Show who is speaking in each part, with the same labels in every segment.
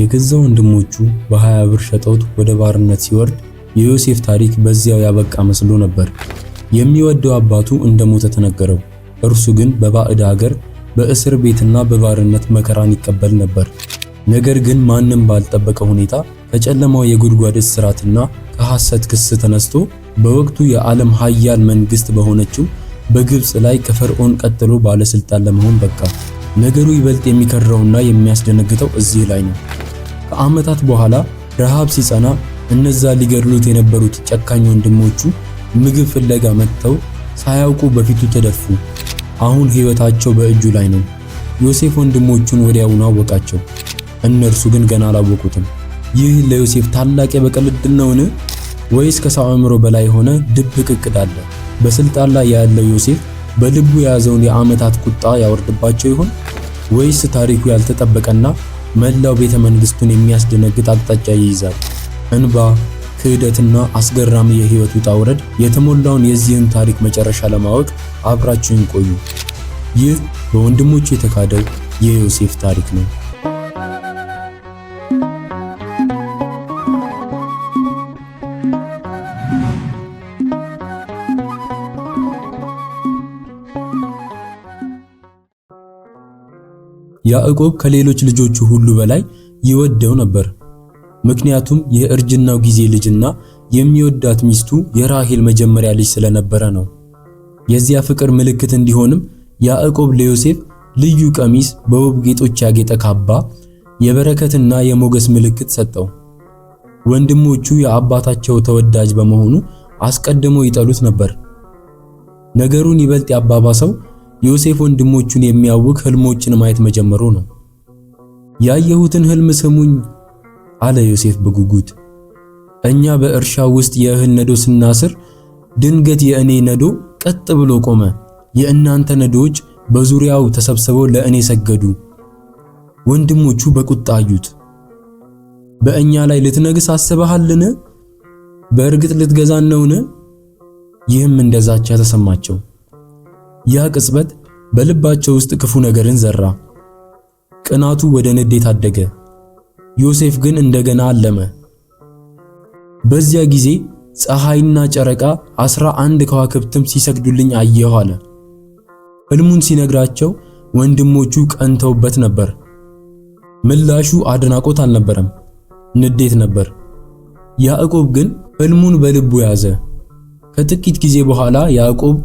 Speaker 1: የገዛ ወንድሞቹ በ20 ብር ሸጠውት ወደ ባርነት ሲወርድ የዮሴፍ ታሪክ በዚያው ያበቃ መስሎ ነበር። የሚወደው አባቱ እንደሞተ ተነገረው። እርሱ ግን በባዕድ አገር በእስር ቤትና በባርነት መከራን ይቀበል ነበር። ነገር ግን ማንም ባልጠበቀ ሁኔታ ከጨለማው የጉድጓድ እስራትና ከሐሰት ክስ ተነስቶ በወቅቱ የዓለም ሀያል መንግሥት በሆነችው በግብፅ ላይ ከፈርዖን ቀጥሎ ባለስልጣን ለመሆን በቃ። ነገሩ ይበልጥ የሚከረውና የሚያስደነግጠው እዚህ ላይ ነው። ከዓመታት በኋላ ረሃብ ሲጸና እነዛ ሊገድሉት የነበሩት ጨካኝ ወንድሞቹ ምግብ ፍለጋ መጥተው ሳያውቁ በፊቱ ተደፉ። አሁን ሕይወታቸው በእጁ ላይ ነው። ዮሴፍ ወንድሞቹን ወዲያውኑ አወቃቸው፣ እነርሱ ግን ገና አላወቁትም። ይህ ለዮሴፍ ታላቅ የበቀል ዕድል ነውን? ወይስ ከሰው አእምሮ በላይ የሆነ ድብቅ እቅድ አለ? በስልጣን ላይ ያለው ዮሴፍ በልቡ የያዘውን የዓመታት ቁጣ ያወርድባቸው ይሆን? ወይስ ታሪኩ ያልተጠበቀና መላው ቤተ መንግስቱን የሚያስደነግጥ አቅጣጫ ይይዛል። እንባ፣ ክህደትና አስገራሚ የህይወት ውጣ ውረድ የተሞላውን የዚህን ታሪክ መጨረሻ ለማወቅ አብራችሁን ቆዩ። ይህ በወንድሞቹ የተካደው የዮሴፍ ታሪክ ነው። ያዕቆብ ከሌሎች ልጆቹ ሁሉ በላይ ይወደው ነበር። ምክንያቱም የእርጅናው ጊዜ ልጅና የሚወዳት ሚስቱ የራሄል መጀመሪያ ልጅ ስለነበረ ነው። የዚያ ፍቅር ምልክት እንዲሆንም ያዕቆብ ለዮሴፍ ልዩ ቀሚስ፣ በውብ ጌጦች ያጌጠ ካባ፣ የበረከትና የሞገስ ምልክት ሰጠው። ወንድሞቹ የአባታቸው ተወዳጅ በመሆኑ አስቀድሞ ይጠሉት ነበር። ነገሩን ይበልጥ ያባባሰው ዮሴፍ ወንድሞቹን የሚያውክ ህልሞችን ማየት መጀመሩ ነው። ያየሁትን ህልም ስሙኝ አለ ዮሴፍ በጉጉት። እኛ በእርሻ ውስጥ የእህል ነዶ ስናስር ድንገት የእኔ ነዶ ቀጥ ብሎ ቆመ። የእናንተ ነዶዎች በዙሪያው ተሰብስበው ለእኔ ሰገዱ። ወንድሞቹ በቁጣ አዩት። በእኛ ላይ ልትነግስ አስበሃልን? በእርግጥ ልትገዛን ነውን? ይህም እንደዛቻ ተሰማቸው። ያ ቅጽበት በልባቸው ውስጥ ክፉ ነገርን ዘራ። ቅናቱ ወደ ንዴት አደገ። ዮሴፍ ግን እንደገና አለመ። በዚያ ጊዜ ፀሐይና ጨረቃ አስራ አንድ ከዋክብትም ሲሰግዱልኝ አየሁ አለ። ሕልሙን ሲነግራቸው ወንድሞቹ ቀንተውበት ነበር። ምላሹ አድናቆት አልነበረም፣ ንዴት ነበር። ያዕቆብ ግን ሕልሙን በልቡ ያዘ። ከጥቂት ጊዜ በኋላ ያዕቆብ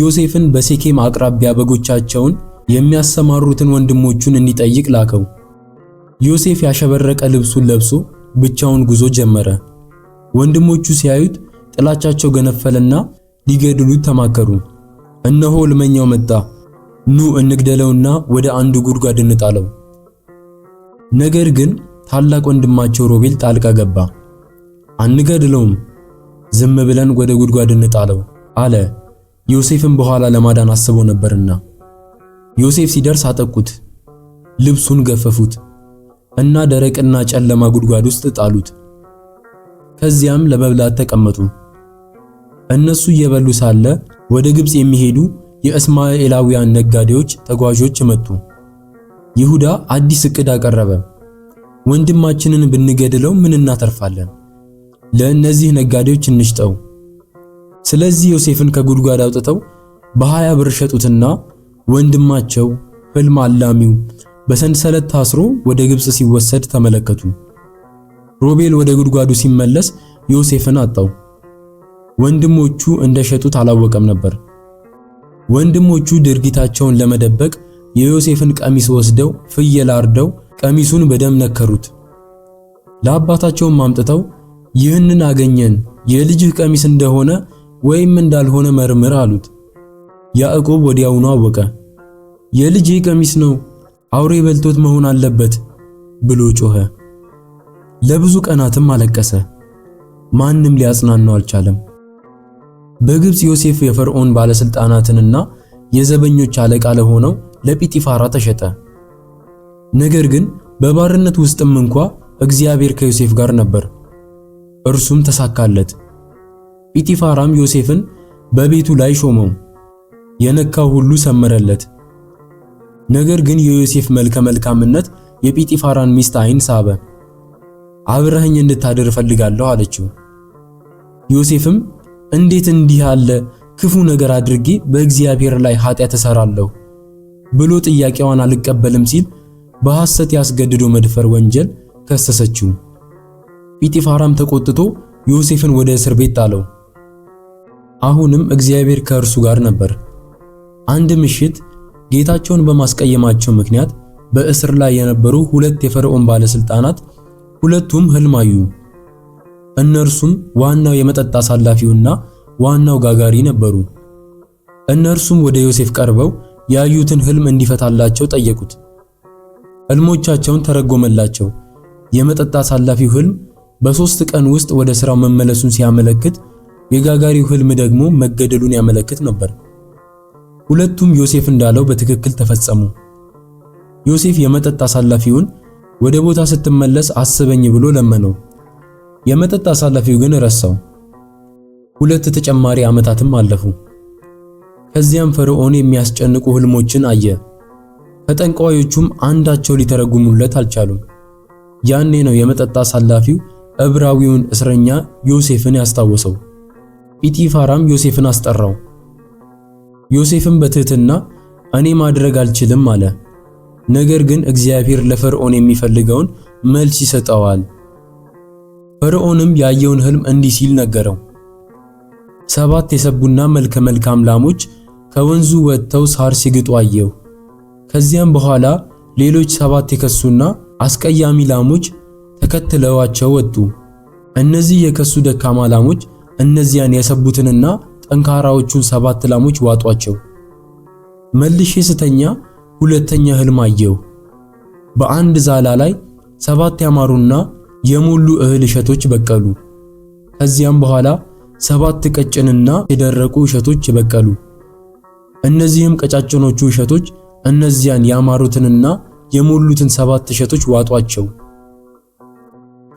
Speaker 1: ዮሴፍን በሴኬም አቅራቢያ በጎቻቸውን የሚያሰማሩትን ወንድሞቹን እንዲጠይቅ ላከው። ዮሴፍ ያሸበረቀ ልብሱን ለብሶ ብቻውን ጉዞ ጀመረ። ወንድሞቹ ሲያዩት ጥላቻቸው ገነፈለና ሊገድሉት ተማከሩ። እነሆ ልመኛው መጣ፣ ኑ እንግደለውና ወደ አንዱ ጉድጓድ እንጣለው። ነገር ግን ታላቅ ወንድማቸው ሮቤል ጣልቃ ገባ። አንገድለውም፣ ዝም ብለን ወደ ጉድጓድ እንጣለው አለ። ዮሴፍን በኋላ ለማዳን አስበው ነበርና ዮሴፍ ሲደርስ አጠቁት፣ ልብሱን ገፈፉት እና ደረቅና ጨለማ ጉድጓድ ውስጥ ጣሉት። ከዚያም ለመብላት ተቀመጡ። እነሱ እየበሉ ሳለ ወደ ግብጽ የሚሄዱ የእስማኤላውያን ነጋዴዎች ተጓዦች መጡ። ይሁዳ አዲስ እቅድ አቀረበ። ወንድማችንን ብንገድለው ምን እናተርፋለን? ለእነዚህ ነጋዴዎች እንሽጠው ስለዚህ ዮሴፍን ከጉድጓድ አውጥተው በሀያ ብር ሸጡትና ወንድማቸው ህልም አላሚው በሰንሰለት ታስሮ ወደ ግብፅ ሲወሰድ ተመለከቱ። ሮቤል ወደ ጉድጓዱ ሲመለስ ዮሴፍን አጣው። ወንድሞቹ እንደሸጡት አላወቀም ነበር። ወንድሞቹ ድርጊታቸውን ለመደበቅ የዮሴፍን ቀሚስ ወስደው ፍየል አርደው ቀሚሱን በደም ነከሩት። ለአባታቸውም አምጥተው ይህንን አገኘን የልጅህ ቀሚስ እንደሆነ ወይም እንዳልሆነ መርምር አሉት። ያዕቆብ ወዲያውኑ አወቀ። የልጄ ቀሚስ ነው፣ አውሬ በልቶት መሆን አለበት ብሎ ጮኸ። ለብዙ ቀናትም አለቀሰ። ማንም ሊያጽናናው አልቻለም። በግብፅ ዮሴፍ የፈርዖን ባለስልጣናትንና የዘበኞች አለቃ ለሆነው ለጲጢፋራ ተሸጠ። ነገር ግን በባርነት ውስጥም እንኳ እግዚአብሔር ከዮሴፍ ጋር ነበር፣ እርሱም ተሳካለት። ጲጢፋራም ዮሴፍን በቤቱ ላይ ሾመው፣ የነካው ሁሉ ሰመረለት። ነገር ግን የዮሴፍ መልከ መልካምነት የጲጢፋራን ሚስት ዓይን ሳበ። አብረኸኝ እንድታድር እፈልጋለሁ አለችው። ዮሴፍም እንዴት እንዲህ ያለ ክፉ ነገር አድርጌ በእግዚአብሔር ላይ ኃጢአት እሰራለሁ ብሎ ጥያቄዋን አልቀበልም ሲል በሐሰት ያስገድዶ መድፈር ወንጀል ከሰሰችው። ጲጢፋራም ተቆጥቶ ዮሴፍን ወደ እስር ቤት ጣለው። አሁንም እግዚአብሔር ከእርሱ ጋር ነበር። አንድ ምሽት ጌታቸውን በማስቀየማቸው ምክንያት በእስር ላይ የነበሩ ሁለት የፈርዖን ባለስልጣናት ሁለቱም ህልም አዩ። እነርሱም ዋናው የመጠጥ አሳላፊውና ዋናው ጋጋሪ ነበሩ። እነርሱም ወደ ዮሴፍ ቀርበው ያዩትን ህልም እንዲፈታላቸው ጠየቁት። ህልሞቻቸውን ተረጎመላቸው። የመጠጥ አሳላፊው ህልም በሦስት ቀን ውስጥ ወደ ሥራው መመለሱን ሲያመለክት የጋጋሪው ህልም ደግሞ መገደሉን ያመለክት ነበር። ሁለቱም ዮሴፍ እንዳለው በትክክል ተፈጸሙ። ዮሴፍ የመጠጥ አሳላፊውን ወደ ቦታ ስትመለስ አስበኝ ብሎ ለመነው። የመጠጥ አሳላፊው ግን ረሳው። ሁለት ተጨማሪ ዓመታትም አለፉ። ከዚያም ፈርዖን የሚያስጨንቁ ህልሞችን አየ። ከጠንቋዮቹም አንዳቸው ሊተረጉሙለት አልቻሉም። ያኔ ነው የመጠጥ አሳላፊው ዕብራዊውን እስረኛ ዮሴፍን ያስታወሰው። ጲጢፋራም ዮሴፍን አስጠራው። ዮሴፍም በትህትና እኔ ማድረግ አልችልም አለ። ነገር ግን እግዚአብሔር ለፈርዖን የሚፈልገውን መልስ ይሰጠዋል። ፈርዖንም ያየውን ህልም እንዲህ ሲል ነገረው። ሰባት የሰቡና መልከ መልካም ላሞች ከወንዙ ወጥተው ሳር ሲግጡ አየው። ከዚያም በኋላ ሌሎች ሰባት የከሱና አስቀያሚ ላሞች ተከትለዋቸው ወጡ። እነዚህ የከሱ ደካማ ላሞች እነዚያን ያሰቡትንና ጠንካራዎቹን ሰባት ላሞች ዋጧቸው። መልሼ ስተኛ ሁለተኛ ህልም አየሁ። በአንድ ዛላ ላይ ሰባት ያማሩና የሞሉ እህል እሸቶች በቀሉ። ከዚያም በኋላ ሰባት ቀጭንና የደረቁ እሸቶች በቀሉ። እነዚህም ቀጫጭኖቹ እሸቶች እነዚያን ያማሩትንና የሞሉትን ሰባት እሸቶች ዋጧቸው።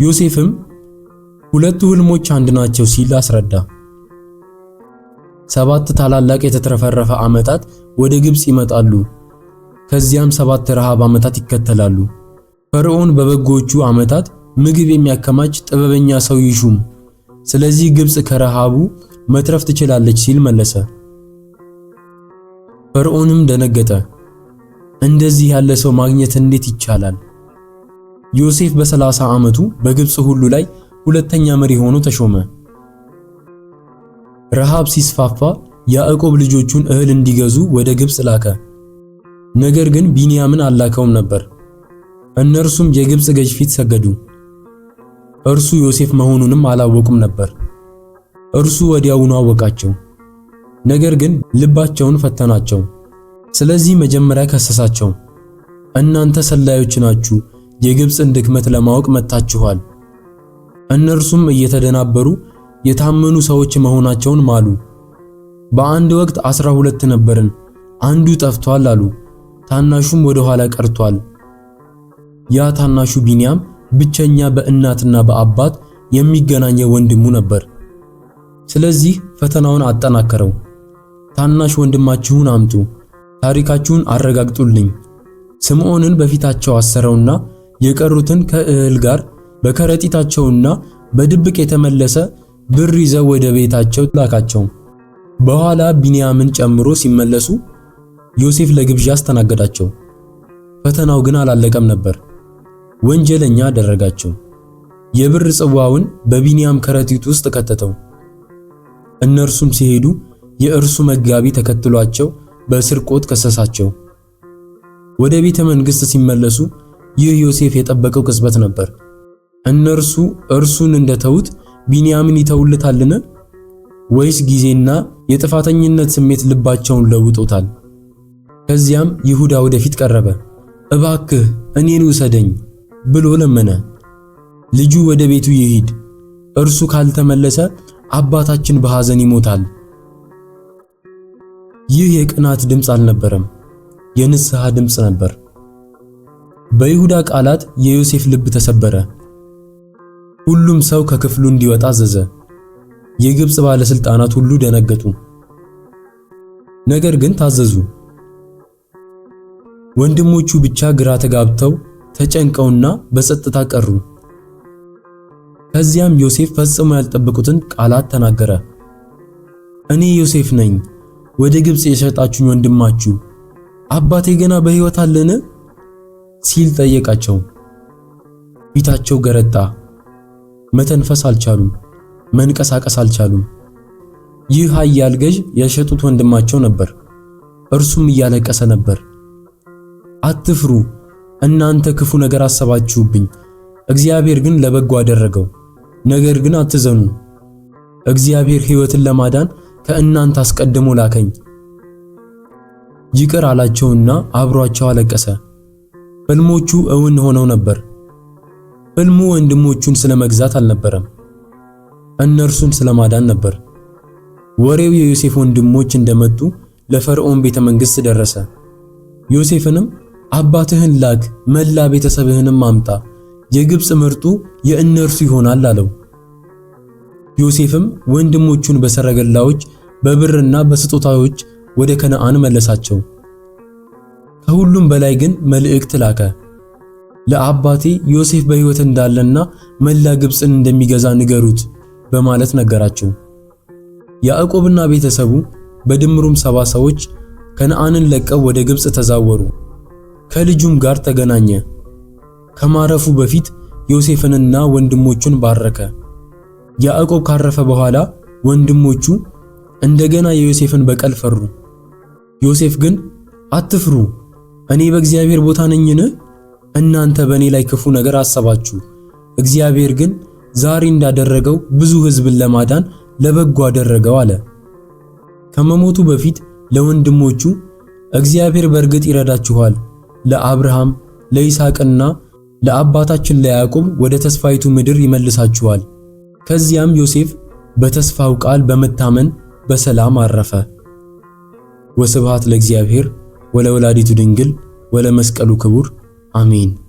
Speaker 1: ዮሴፍም ሁለቱ ህልሞች አንድ ናቸው ሲል አስረዳ። ሰባት ታላላቅ የተትረፈረፈ ዓመታት ወደ ግብጽ ይመጣሉ። ከዚያም ሰባት ረሃብ ዓመታት ይከተላሉ። ፈርዖን በበጎቹ ዓመታት ምግብ የሚያከማች ጥበበኛ ሰው ይሹም፣ ስለዚህ ግብጽ ከረሃቡ መትረፍ ትችላለች ሲል መለሰ። ፈርዖንም ደነገጠ። እንደዚህ ያለ ሰው ማግኘት እንዴት ይቻላል? ዮሴፍ በሰላሳ ዓመቱ በግብጽ ሁሉ ላይ ሁለተኛ መሪ ሆኖ ተሾመ። ረሃብ ሲስፋፋ ያዕቆብ ልጆቹን እህል እንዲገዙ ወደ ግብፅ ላከ። ነገር ግን ቢንያምን አላከውም ነበር። እነርሱም የግብፅ ገዥ ፊት ሰገዱ። እርሱ ዮሴፍ መሆኑንም አላወቁም ነበር። እርሱ ወዲያውኑ አወቃቸው። ነገር ግን ልባቸውን ፈተናቸው። ስለዚህ መጀመሪያ ከሰሳቸው። እናንተ ሰላዮች ናችሁ፣ የግብፅን ድክመት ለማወቅ መጥታችኋል እነርሱም እየተደናበሩ የታመኑ ሰዎች መሆናቸውን ማሉ። በአንድ ወቅት አስራ ሁለት ነበርን፣ አንዱ ጠፍቷል አሉ። ታናሹም ወደ ኋላ ቀርቷል። ያ ታናሹ ቢንያም ብቸኛ በእናትና በአባት የሚገናኘ ወንድሙ ነበር። ስለዚህ ፈተናውን አጠናከረው። ታናሽ ወንድማችሁን አምጡ፣ ታሪካችሁን አረጋግጡልኝ። ስምዖንን በፊታቸው አሰረውና የቀሩትን ከእህል ጋር በከረጢታቸውና በድብቅ የተመለሰ ብር ይዘው ወደ ቤታቸው ላካቸው። በኋላ ቢንያምን ጨምሮ ሲመለሱ ዮሴፍ ለግብዣ አስተናገዳቸው። ፈተናው ግን አላለቀም ነበር። ወንጀለኛ አደረጋቸው። የብር ጽዋውን በቢንያም ከረጢት ውስጥ ከተተው። እነርሱም ሲሄዱ የእርሱ መጋቢ ተከትሏቸው በስርቆት ከሰሳቸው። ወደ ቤተ መንግሥት ሲመለሱ ይህ ዮሴፍ የጠበቀው ቅጽበት ነበር። እነርሱ እርሱን እንደተዉት ቢንያምን ይተውልታልን? ወይስ ጊዜና የጥፋተኝነት ስሜት ልባቸውን ለውጦታል? ከዚያም ይሁዳ ወደፊት ቀረበ። እባክህ እኔን ውሰደኝ ብሎ ለመነ። ልጁ ወደ ቤቱ ይሂድ፣ እርሱ ካልተመለሰ አባታችን በሐዘን ይሞታል። ይህ የቅናት ድምፅ አልነበረም፣ የንስሐ ድምፅ ነበር። በይሁዳ ቃላት የዮሴፍ ልብ ተሰበረ። ሁሉም ሰው ከክፍሉ እንዲወጣ አዘዘ። የግብፅ ባለስልጣናት ሁሉ ደነገጡ፣ ነገር ግን ታዘዙ። ወንድሞቹ ብቻ ግራ ተጋብተው ተጨንቀውና በጸጥታ ቀሩ። ከዚያም ዮሴፍ ፈጽሞ ያልጠበቁትን ቃላት ተናገረ። እኔ ዮሴፍ ነኝ፣ ወደ ግብፅ የሸጣችሁኝ ወንድማችሁ አባቴ ገና በሕይወት አለን? ሲል ጠየቃቸው። ፊታቸው ገረጣ። መተንፈስ አልቻሉም፣ መንቀሳቀስ አልቻሉም። ይህ ኃያል ገዥ የሸጡት ወንድማቸው ነበር። እርሱም እያለቀሰ ነበር። አትፍሩ፣ እናንተ ክፉ ነገር አሰባችሁብኝ፣ እግዚአብሔር ግን ለበጎ አደረገው። ነገር ግን አትዘኑ፣ እግዚአብሔር ሕይወትን ለማዳን ከእናንተ አስቀድሞ ላከኝ። ይቅር አላቸውና አብሯቸው አለቀሰ። ሕልሞቹ እውን ሆነው ነበር። ህልሙ ወንድሞቹን ስለ መግዛት አልነበረም፣ እነርሱን ስለ ማዳን ነበር። ወሬው የዮሴፍ ወንድሞች እንደመጡ ለፈርዖን ቤተ መንግሥት ደረሰ። ዮሴፍንም አባትህን ላክ፣ መላ ቤተሰብህንም አምጣ፣ የግብፅ ምርጡ የእነርሱ ይሆናል አለው። ዮሴፍም ወንድሞቹን በሰረገላዎች በብርና በስጦታዎች ወደ ከነዓን መለሳቸው። ከሁሉም በላይ ግን መልእክት ላከ። ለአባቴ ዮሴፍ በሕይወት እንዳለና መላ ግብፅን እንደሚገዛ ንገሩት በማለት ነገራቸው። ያዕቆብና ቤተሰቡ በድምሩም ሰባ ሰዎች ከነአንን ለቀው ወደ ግብፅ ተዛወሩ። ከልጁም ጋር ተገናኘ። ከማረፉ በፊት ዮሴፍንና ወንድሞቹን ባረከ። ያዕቆብ ካረፈ በኋላ ወንድሞቹ እንደገና የዮሴፍን በቀል ፈሩ። ዮሴፍ ግን አትፍሩ፣ እኔ በእግዚአብሔር ቦታ ነኝን እናንተ በእኔ ላይ ክፉ ነገር አሰባችሁ፣ እግዚአብሔር ግን ዛሬ እንዳደረገው ብዙ ሕዝብን ለማዳን ለበጎ አደረገው አለ። ከመሞቱ በፊት ለወንድሞቹ እግዚአብሔር በእርግጥ ይረዳችኋል፣ ለአብርሃም ለይስሐቅና ለአባታችን ለያዕቆብ ወደ ተስፋይቱ ምድር ይመልሳችኋል። ከዚያም ዮሴፍ በተስፋው ቃል በመታመን በሰላም አረፈ።
Speaker 2: ወስብሃት ለእግዚአብሔር ወለወላዲቱ ድንግል ወለመስቀሉ ክቡር I mean.